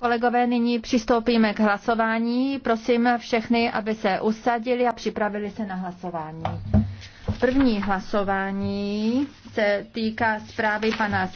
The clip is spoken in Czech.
Kolegové, nyní přistoupíme k hlasování. Prosím všechny, aby se usadili a připravili se na hlasování. První hlasování se týká zprávy pana